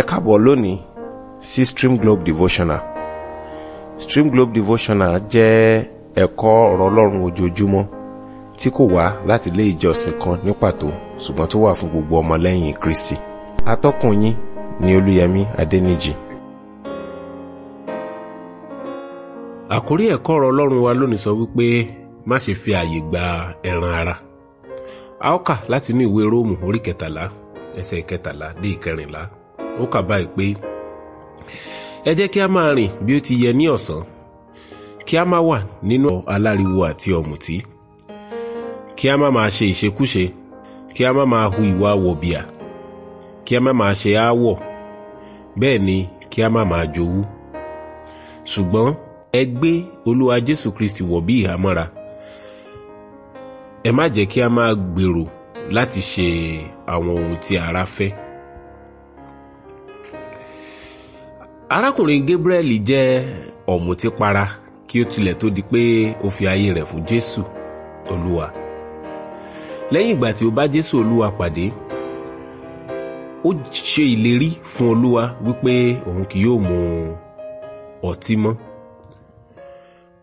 ẹ káàbọ̀ lónìí sí Stream Globe Devotional Stream Globe Devotional jẹ́ ẹ̀kọ́ ọ̀rọ̀ ọlọ́run ojoojúmọ́ tí kò wá láti ilé ìjọsìn kan ní pàtó ṣùgbọ́n tó wà fún gbogbo ọmọlẹ́yìn Kristi atọ́kùn yín ni Olúyẹmí Adẹ́nìjì. àkórí ẹ̀kọ́ ọ̀rọ̀ ọlọ́run wa lónìí sọ wípé má ṣe fi ààyè gba ẹran ara a ó kà látinú ìwé Róòmù orí kẹtàlá ẹsẹ̀ kẹtàlá dé ìkẹrìnlá ó kà báyìí pé ẹ jẹ́ kí a máa rìn bí ó ti yẹ ní ọ̀sán kí a má wà nínú aláriwo àti ọ̀mùtí kí a má máa ṣe ìṣekúṣe kí a má máa hu ìwà wọ̀bìà kí a má máa ṣe aáwọ̀ bẹ́ẹ̀ ni kí a má máa jowú ṣùgbọ́n ẹ gbé olúwa jésù kristi wọ̀ ìhámọ́ra ẹ má jẹ́ kí a máa gbèrò láti ṣe àwọn ohun tí ara fẹ́ arákùnrin Gabriel jẹ́ ọ̀mùtípara kí ó tilẹ̀ tó di pé ó fi ayé rẹ̀ fún Jésù Olúwa lẹ́yìn ìgbà tí ó bá Jésù Olúwa pàdé ó ṣe ìlérí fún Olúwa wípé òun kì yóò mu ọtí mọ́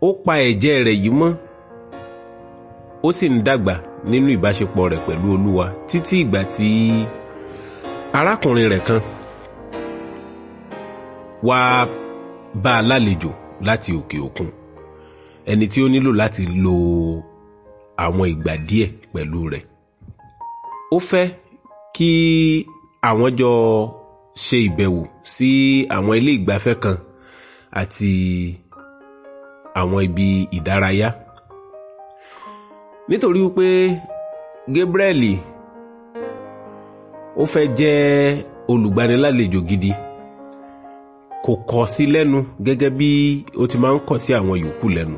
ó pa ẹ̀jẹ̀ rẹ̀ yìí mọ́ ó sì ń dàgbà nínú ìbáṣepọ̀ rẹ̀ pẹ̀lú Olúwa títí ìgbà tí arákùnrin rẹ̀ kan wá bá a lálejò láti òkè òkun ẹni tí ó nílò láti lo àwọn ìgbà díẹ̀ pẹ̀lú rẹ̀ ó fẹ́ kí àwọn jọ ṣe ìbẹ̀wò sí àwọn ilé ìgbafẹ́ kan àti àwọn ibi ìdárayá nítorí wípé Gabriel ó fẹ́ jẹ́ olùgbanilálejò gidi kò kọ̀ sí lẹ́nu gẹ́gẹ́ bí ó ti máa ń kọ̀ sí àwọn yòókù lẹ́nu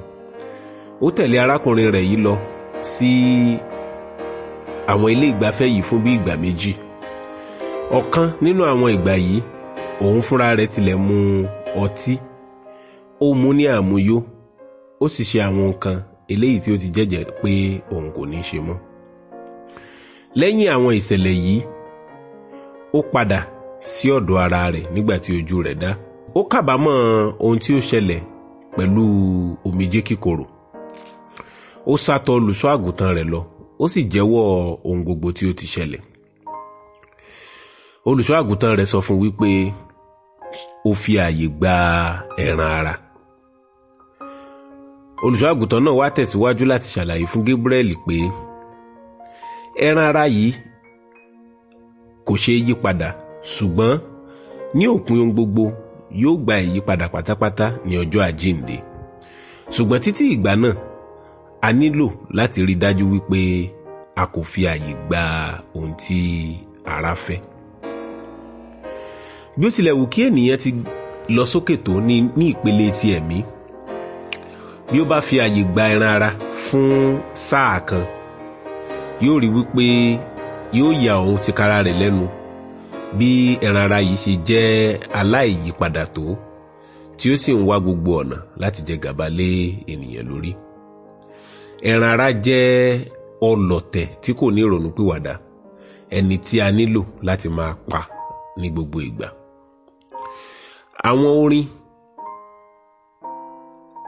ó tẹ̀lé arákùnrin rẹ̀ yìí lọ sí àwọn ilé ìgbafẹ́ yìí fún bí ìgbà méjì ọ̀kan nínú àwọn ìgbà yìí òun fúnra rẹ̀ tilẹ̀ mu ọtí ó mu ní àmuyó ó sì ṣe àwọn nǹkan eléyìí tí ó ti jẹ́jẹ́ pé òun kò ní ṣe mọ́ lẹ́yìn àwọn ìṣẹ̀lẹ̀ yìí ó padà sí ọ̀dọ̀ ara rẹ̀ nígbà tí ojú rẹ̀ dá ó kábàámọ̀ ohun tí ó ṣẹlẹ̀ pẹ̀lú omijé kíkorò ó sátọ olùṣọ́ àgùntàn rẹ̀ lọ ó sì jẹ́wọ́ ohun gbogbo tí ó ti ṣẹlẹ̀ olùṣọ́ àgùntàn rẹ̀ sọ fún wípé ó fi ààyè gba ẹran ara olùṣọ́ àgùntàn náà wá tẹ̀síwájú láti ṣàlàyé fún Gabriel pé ẹran ara yìí kò ṣeé yí padà ṣùgbọ́n ní òpin ohun gbogbo yóò gba ìyípadà pátápátá ní ọjọ́ àjíǹde ṣùgbọ́n títí ìgbà náà a nílò láti rí dájú wípé a kò fi àyè gba ohun tí ara fẹ́ bí ó tilẹ̀ wù kí ènìyàn ti lọ sókè tó ní ní ìpele ti ẹ̀mí bí ó bá fi àyè gba ẹran ara fún sáà kan yóò rí wípé yóò yà òun tìkára rẹ̀ lẹ́nu bí ẹran ara yìí ṣe jẹ́ aláìyípadà tó tí ó sì ń wá gbogbo ọ̀nà láti jẹ gàba lé ènìyàn lórí ẹran ara jẹ́ ọlọ̀tẹ̀ tí kò ní ìrònúpìwàdà ẹni tí a nílò láti máa pa ní gbogbo ìgbà àwọn orin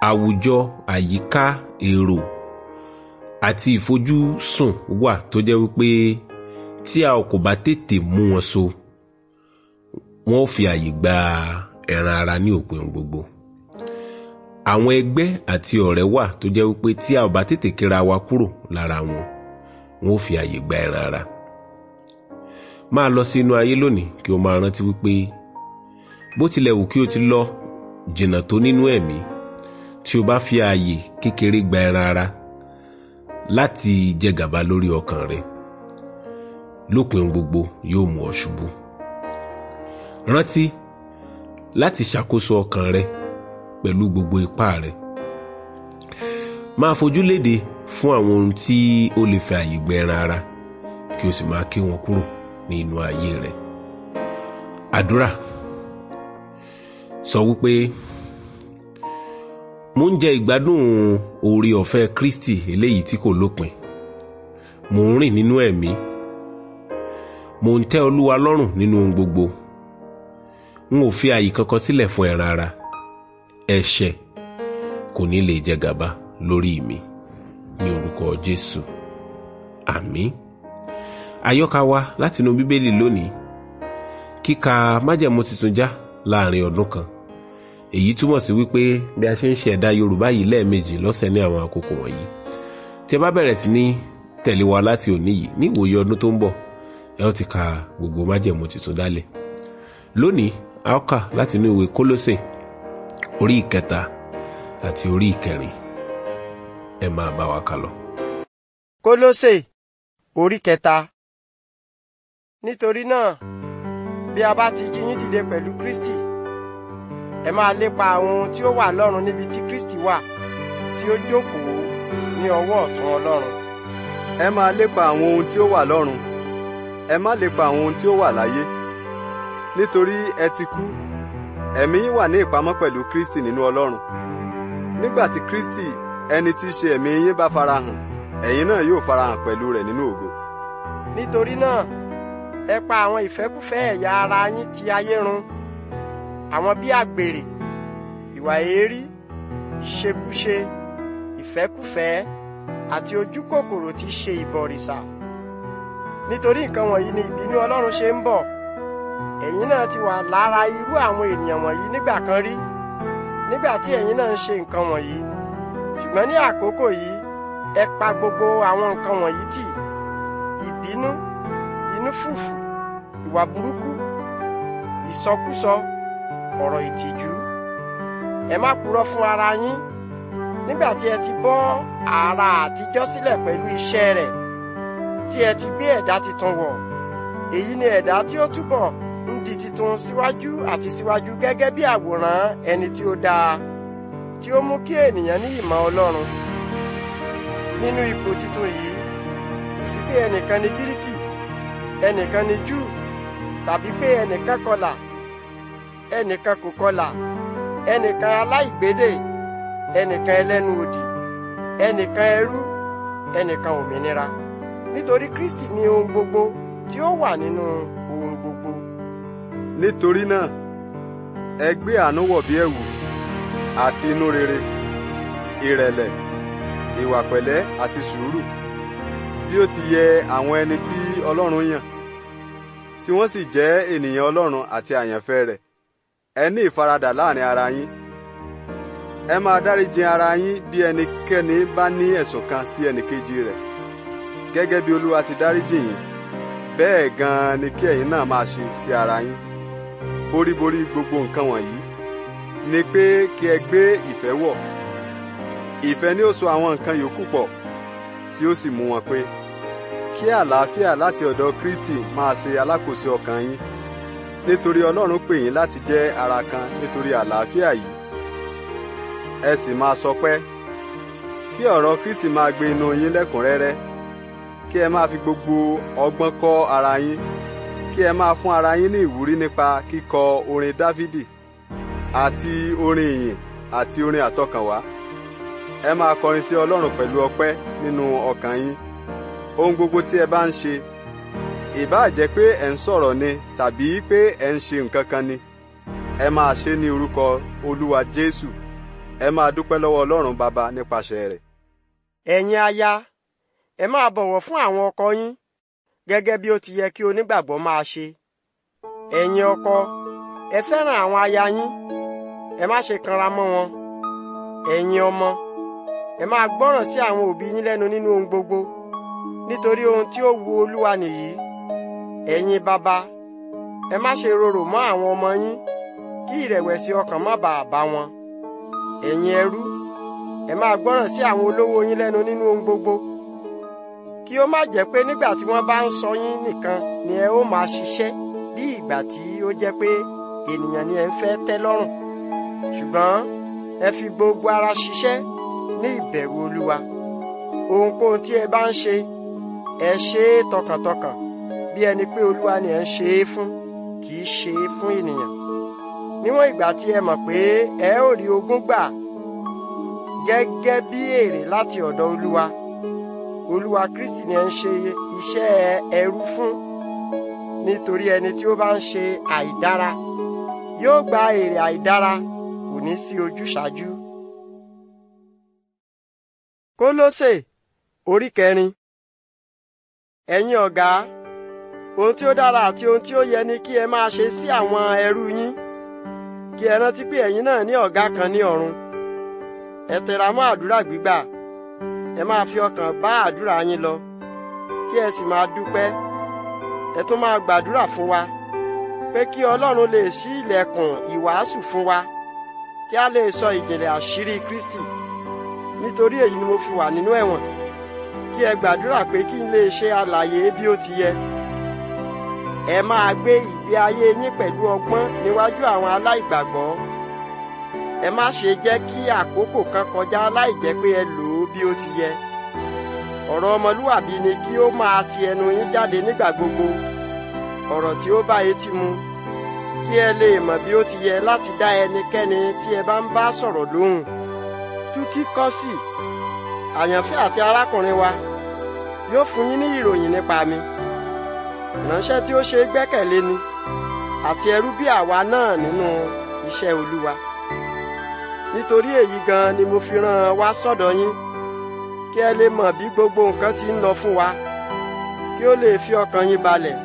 àwùjọ àyíká èrò àti ìfojúsùn wà tó jẹ́ wípé tí a kò bá tètè mú wọn so wọ́n ó fi àyè gba ẹran ara ní òpin gbogbo àwọn ẹgbẹ́ àti ọ̀rẹ́ wà tó jẹ́ wípé tí a ò bá tètè kíra wa kúrò lára wọn wọ́n ó fi àyè gba ẹran ara máa lọ sí inú ayé lónìí kí o máa rántí wípé bó tilẹ̀ wù kí o ti lọ jìnnà tó nínú ẹ̀mí tí o bá fi ààyè kékeré gba ẹran ara láti jẹgàba lórí ọkàn rẹ lópin gbogbo yóò mú ọ ṣubú rántí láti ṣàkóso ọkàn rẹ pẹ̀lú gbogbo ipá rẹ máa fojú léde fún àwọn ohun tí ó lè fẹ́ àyè gbẹran ara kí o sì máa ké wọn kúrò ní inú ayé rẹ àdúrà sọ wípé mo ń jẹ ìgbádùn oore ọ̀fẹ́ Kristi eléyìí tí kò lópin mo ń rìn nínú ẹ̀mí mo ń tẹ́ Olúwa lọ́rùn nínú ohun gbogbo n ò fi àyè kankan sílẹ̀ fún ẹ rárá ẹ̀ṣẹ̀ kò ní lè jẹ gàba lórí mi ní orúkọ Jésù àmín àyọkà wa látinú bíbélì lónìí kíka májẹ̀mú tuntun já láàrin ọdún kan èyí túmọ̀ sí wípé bí a ṣe ń ṣe ẹ̀dá Yorùbá yìí lẹ́ẹ̀mejì lọ́sẹ̀ ní àwọn àkókò wọ̀nyí tí ẹ bá bẹ̀rẹ̀ sí ní tẹ̀lé wa láti òní yìí ní ìwòye ọdún tó ń bọ̀ ẹ ó ti ka gbogbo májẹ̀mú tuntun dálẹ̀ lónìí Aoka, ó kà láti inú ìwé kólósè orí ìkẹta àti orí ìkẹrin ẹ máa bá wa kà lọ. kólósè orí kẹta nítorí náà bí a bá ti jí yín dìde pẹ̀lú kristi ẹ máa lépa àwọn ohun tí ó wà lọ́run níbi tí kristi wà tí ó jókòó ní ọwọ́ ọ̀tún ọlọ́run. ẹ máa lépa àwọn ohun tí ó wà lọ́run ẹ má lépa àwọn ohun tí ó wà láyé nítorí ẹ ti kú ẹ̀mí wà ní ìpamọ́ pẹ̀lú Kristi nínú Ọlọ́run nígbà tí Kristi ẹni tí í ṣe ẹ̀mí yín bá farahàn ẹ̀yin náà yóò farahàn pẹ̀lú rẹ̀ nínú ògo. nítorí náà ẹ pa àwọn ìfẹ́kúfẹ́ ẹ̀yà ara yín ti ayé run àwọn bíi àgbèrè ìwà èérí ìṣekúṣe ìfẹ́kúfẹ́ àti ojú kòkòrò tí ṣe ìbọ̀rìṣà nítorí nǹkan wọ̀nyí ni ìbínú Ọlọ́run ṣe ń bọ̀ ẹ̀yin náà ti wà lára irú àwọn ènìyàn wọ̀nyí nígbà kan rí nígbà tí ẹ̀yin náà ń ṣe nǹkan wọ̀nyí ṣùgbọ́n ní àkókò yìí ẹ pa gbogbo àwọn nǹkan wọ̀nyí tì ìbínú inú fùfù ìwà burúkú ìsọkúsọ ọ̀rọ̀ ìtìjú ẹ má purọ́ fún ara yín nígbà tí ẹ ti bọ́ ara àtijọ́ sílẹ̀ pẹ̀lú iṣẹ́ rẹ̀ tí ẹ ti gbé ẹ̀dá tuntun wọ̀ èyí ni ẹ̀dá tí ó túbọ̀ di titun siwaju ati siwaju gẹ́gẹ́ bí àwòrán ẹni ti ó dáa tí ó mú kí ènìyàn ní ìmọ̀ Ọlọ́run nínú ipò titun yìí kò sí pé ẹnìkan ni Gíríkì ẹnìkan ni Júù tàbí pé ẹnìkan kọlà ẹnìkan kò kọlà ẹnìkan aláìgbédè ẹnìkan ẹlẹ́nu òdì ẹnìkan ẹrú ẹnìkan òmìnira nítorí Kristi ni ohun gbogbo tí ó wà nínú. No nítorí náà ẹ gbé àánú wọ̀ bí ẹ̀wù àti inú rere ìrẹ̀lẹ̀ ìwà pẹ̀lẹ́ àti sùúrù bí ó ti yẹ àwọn ẹni tí Ọlọ́run yàn tí wọ́n sì jẹ́ ènìyàn Ọlọ́run àti àyànfẹ́ rẹ̀ ẹ ní ìfaradà láàrin ara yín ẹ máa dáríjì ara yín bí ẹnikẹ́ni bá ní ẹ̀sùn kan sí ẹnìkejì rẹ̀ gẹ́gẹ́ bí Olúwa ti dáríjì yín bẹ́ẹ̀ gan-an ni kí ẹ̀yin náà máa ṣe sí ara yín boríborí gbogbo nǹkan wọ̀nyí ni pé kí ẹ gbé ìfẹ́ wọ̀ ìfẹ́ ni ó so àwọn nǹkan yòókù pọ̀ tí ó sì mú wọn pé kí àlàáfíà láti ọ̀dọ̀ Kristi máa ṣe alákòóso ọkàn yín nítorí Ọlọ́run pè yín láti jẹ́ ara kan nítorí àlàáfíà yìí ẹ sì máa sọpẹ́ kí ọ̀rọ̀ Kristi máa gbé inú yín lẹ́kùnrẹ́rẹ́ kí ẹ máa fi gbogbo ọgbọ́n kọ́ ara yín kí ẹ máa fún ara yín ní ìwúrí nípa kíkọ orin dávídì àti orin ìyìn àti orin àtọkànwá ẹ máa kọrin sí ọlọ́run pẹ̀lú ọpẹ́ nínú ọkàn yín ohun gbogbo tí ẹ bá ń ṣe ìbáà jẹ́ pé ẹ ń sọ̀rọ̀ ni tàbí pé ẹ ń ṣe nǹkan kan ni ẹ máa ṣe ní orúkọ olúwa jésù ẹ máa dúpẹ́ lọ́wọ́ ọlọ́run baba nípasẹ̀ rẹ̀. ẹ̀yin aya ẹ máa bọ̀wọ̀ fún àwọn ọkọ yín gẹ́gẹ́ bí ó ti yẹ kí onígbàgbọ́ máa ṣe ẹ̀yin ọkọ ẹ fẹ́ràn àwọn aya yín ẹ má ṣe kanra mọ́ wọn ẹ̀yin ọmọ ẹ máa gbọ́ràn sí àwọn òbí yín lẹ́nu nínú ohun gbogbo nítorí ohun tí ó wu olúwa nìyí ẹ̀yin bàbá ẹ má ṣe rorò mọ́ àwọn ọmọ yín kí ìrẹ̀wẹ̀sì ọkàn má bàa bá wọn ẹ̀yin ẹrú ẹ máa gbọ́ràn sí àwọn olówó yín lẹ́nu nínú ohun gbogbo kí ó má jẹ́ pé nígbà tí wọ́n bá ń sọ yín nìkan ni ẹ ó máa ṣiṣẹ́ bí ìgbà tí ó jẹ́ pé ènìyàn ni ẹ ń fẹ́ tẹ́ lọ́rùn ṣùgbọ́n ẹ fi gbogbo ara ṣiṣẹ́ ní ìbẹ̀rù olúwa ohunkóhun tí ẹ bá ń ṣe ẹ ṣe é tọkàntọkàn bí ẹni pé olúwa ni ẹ ń ṣe é fún kì í ṣe é fún ènìyàn níwọ̀n ìgbà tí ẹ mọ̀ pé ẹ ó rí ogún gbà gẹ́gẹ́ bí èrè láti ọ̀dọ̀ olúwa olúwa kristi ni ẹ ń ṣe iṣẹ́ ẹrú fún nítorí ẹni tí ó bá ń ṣe àìdára yóò gba èrè àìdára kò ní sí ojúṣàájú. kólósè orí kẹrin ẹ̀yin ọ̀gá ohun tí ó dára àti ohun tí ó yẹ ni kí ẹ máa ṣe sí àwọn ẹrú yín kí ẹ rántí pé ẹ̀yin náà ní ọ̀gá kan ní ọ̀run ẹ tẹra mọ́ àdúrà gbígbà ẹ máa fi ọkàn bá àdúrà yín lọ kí ẹ sì máa dúpẹ́ ẹ tún máa gbàdúrà fún wa pé kí Ọlọ́run lè ṣí ilẹ̀kùn ìwàásù fún wa kí a lè sọ ìjìnlẹ̀ àṣírí Kristi nítorí èyí ni mo fi wà nínú ẹ̀wọ̀n kí ẹ gbàdúrà pé kí n lè ṣe àlàyé bí ó ti yẹ ẹ máa gbé ìgbé ayé yín pẹ̀lú ọgbọ́n níwájú àwọn aláìgbàgbọ́ ẹ má ṣe jẹ́ kí àkókò kan kọjá láì jẹ́ pé ẹ lò ó bí ó ti yẹ ọ̀rọ̀ ọmọlúwàbí ni kí ó máa ti ẹnu yín jáde nígbà gbogbo ọ̀rọ̀ tí ó bá etí mu kí ẹ lè mọ̀ bí ó ti yẹ láti dá ẹnikẹ́ni tí ẹ bá ń bá sọ̀rọ̀ lóhùn túkí kọ́sì àyànfẹ́ àti arákùnrin wa yóò fún yín ní ìròyìn nípa mi ìránṣẹ́ tí ó ṣe gbẹ́kẹ̀lé ni àti ẹrú bí àwa náà nínú iṣẹ́ Olúwa nítorí èyí gan ni mo fi rán an wá sọ́dọ̀ yín kí ẹ lè mọ̀ bí gbogbo nǹkan ti ń lọ fún wa kí ó lè fi ọkàn yín balẹ̀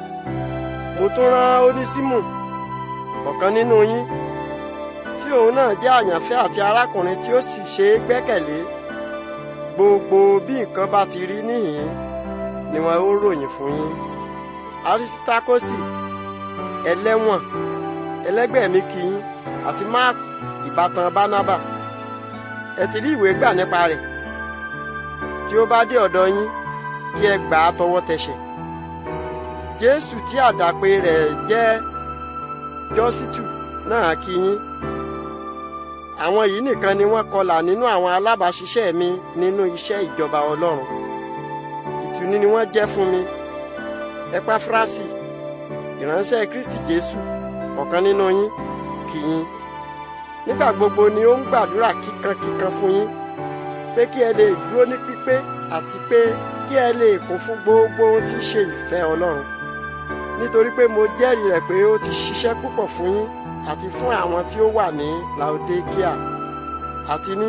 mo tún rán onísímù ọ̀kan nínú yín tí òun náà jẹ́ àyànfẹ́ àti arákùnrin tí ó sì ṣe é gbẹ́kẹ̀lé gbogbo bí nǹkan bá ti rí níhìn ni wọn ó ròyìn fún yín arisitakosi ẹlẹ́wọ̀n ẹlẹ́gbẹ́ mi kì í àti Máàkù ìbátan Bánábà ẹ ti rí ìwé gbà nípa rẹ̀ tí ó bá dé ọ̀dọ̀ yín kí ẹ gbà á tọwọ́ tẹsẹ̀ jésù tí àdàpè rẹ̀ jẹ́ jọ́sítù náà kí yín àwọn yìí nìkan ni wọ́n kọlà nínú àwọn alábàáṣiṣẹ́ mi nínú iṣẹ́ ìjọba ọlọ́run ìtùnú ni wọ́n jẹ́ fún mi epafrasi ìránṣẹ́ kristi jésù ọ̀kan nínú yín kí yín nígbà gbogbo ni ó ń gbàdúrà kíkankíkan fún yín pé kí ẹ lè dúró ní pípé àti pé kí ẹ lè kún fún gbogbo ohun tí í ṣe ìfẹ́ Ọlọ́run nítorí pé mo jẹ́rìí rẹ̀ pé ó ti ṣiṣẹ́ púpọ̀ fún yín àti fún àwọn tí ó wà ní Laodikia àti ní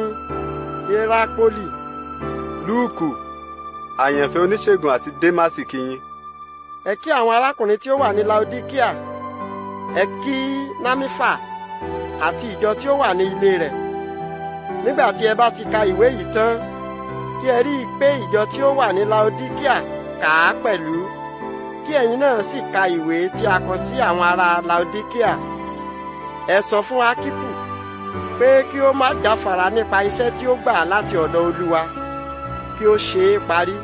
Hierapoli Lúùkù àyànfẹ́ oníṣègùn àti Démásì kí yín. ẹ kí àwọn arákùnrin tí ó wà ní Laodikia ẹ kí Námífà àti ìjọ tí ó wà ní ilé rẹ̀ nígbà tí ẹ bá ti ka ìwé yìí tán kí ẹ rí i pé ìjọ tí ó wà ní Laodikia kà á pẹ̀lú kí ẹ̀yin náà sì ka ìwé tí a kọ sí àwọn ará Laodikia ẹ sọ fún Akipu pé kí ó má jáfara nípa iṣẹ́ tí ó gbà láti ọ̀dọ̀ Olúwa kí ó ṣe é parí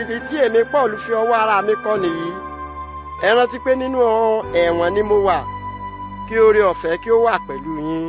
ibi tí èmi Paul fi ọwọ́ ara mi kọ nìyí ẹ rántí pé nínú ẹ̀wọ̀n ni mo wà kí oore ọ̀fẹ́ kí ó wà pẹ̀lú yín